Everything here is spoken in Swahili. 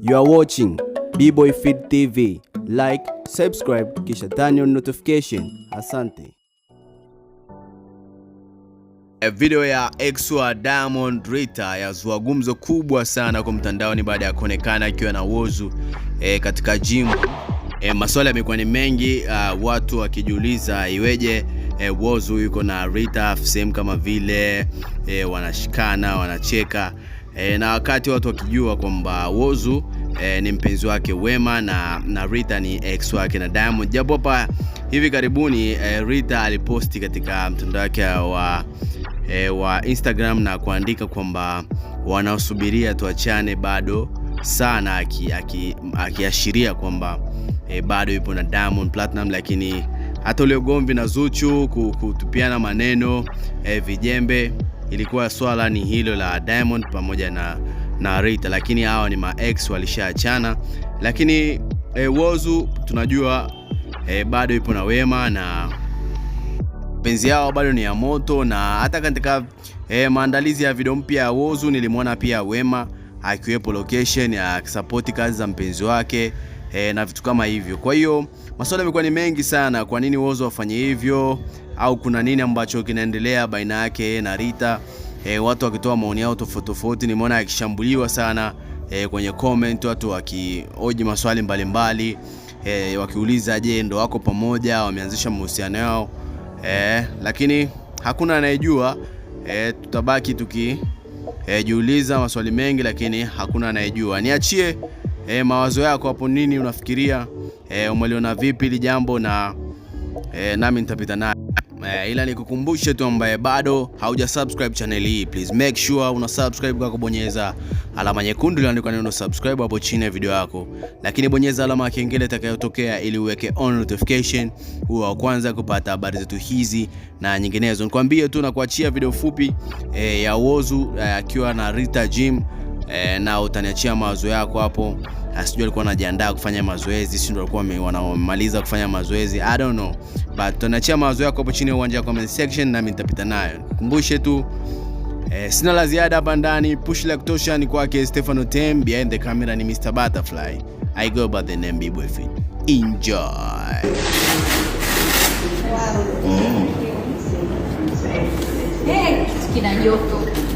You are watching B-Boy Feed TV. Like, subscribe kisha turn on notification. Asante. E, video ya ex wa Diamond Rita yazua gumzo kubwa sana kwa mtandaoni baada ya kuonekana akiwa na wozu e, katika gym. E, maswali yamekuwa ni mengi uh, watu wakijiuliza iweje e, wozu yuko na Rita sehemu kama vile e, wanashikana wanacheka e, na wakati watu wakijua kwamba wozu e, ni mpenzi wake Wema na, na Rita ni ex wake na Diamond, japo hapa hivi karibuni e, Rita aliposti katika mtandao wake wa e, wa Instagram na kuandika kwamba wanaosubiria tuachane bado sana, akiashiria aki, aki kwamba e, bado yupo na Diamond Platinum, lakini hata ule ugomvi na Zuchu kutupiana maneno e, vijembe ilikuwa swala ni hilo la Diamond pamoja na, na Rita, lakini hawa ni ex walishaachana. Lakini e, eh, Whozu tunajua e, bado ipo na Wema na penzi yao bado ni ya moto, na hata katika e, maandalizi ya video mpya ya Whozu nilimwona pia Wema akiwepo location akisapoti kazi za mpenzi wake e, na vitu kama hivyo. Kwa hiyo maswali yamekuwa ni mengi sana, kwa nini Whozu wafanye hivyo au kuna nini ambacho kinaendelea baina yake na Rita e, watu wakitoa maoni yao tofauti tofauti. Nimeona akishambuliwa sana e, kwenye comment, watu wakioji maswali mbalimbali e, wakiuliza je, ndo wako pamoja, wameanzisha mahusiano yao e, lakini hakuna anayejua e, tutabaki tukijiuliza e, maswali mengi, lakini hakuna anayejua. Niachie e, mawazo yako hapo, nini unafikiria e, umeliona vipi hili jambo na e, nami nitapita naye Eh, ila nikukumbushe tu ambaye bado hauja subscribe channel hii, please make sure una subscribe kwa kubonyeza alama nyekundu iliyoandikwa neno subscribe hapo chini ya video yako, lakini bonyeza alama ya kengele itakayotokea ili uweke on notification, huwa wa kwanza kupata habari zetu hizi na nyinginezo. Nikwambie tu na kuachia video fupi eh, ya Whozu akiwa e, na Rita Jim e, na utaniachia mawazo yako hapo. Ah, sijui alikuwa anajiandaa kufanya mazoezi, si ndio alikuwa wanamaliza kufanya mazoezi, I don't know, but tunaachia mawazo yako hapo chini ya uwanja wa comment section, nami nitapita nayo. Kumbushe tu e, sina la ziada hapa ndani. Push la kutosha ni kwake Stefano Tem, behind the camera ni Mr Butterfly. I go by the name b Enjoy. Wow. Mm. Hey, kina joto.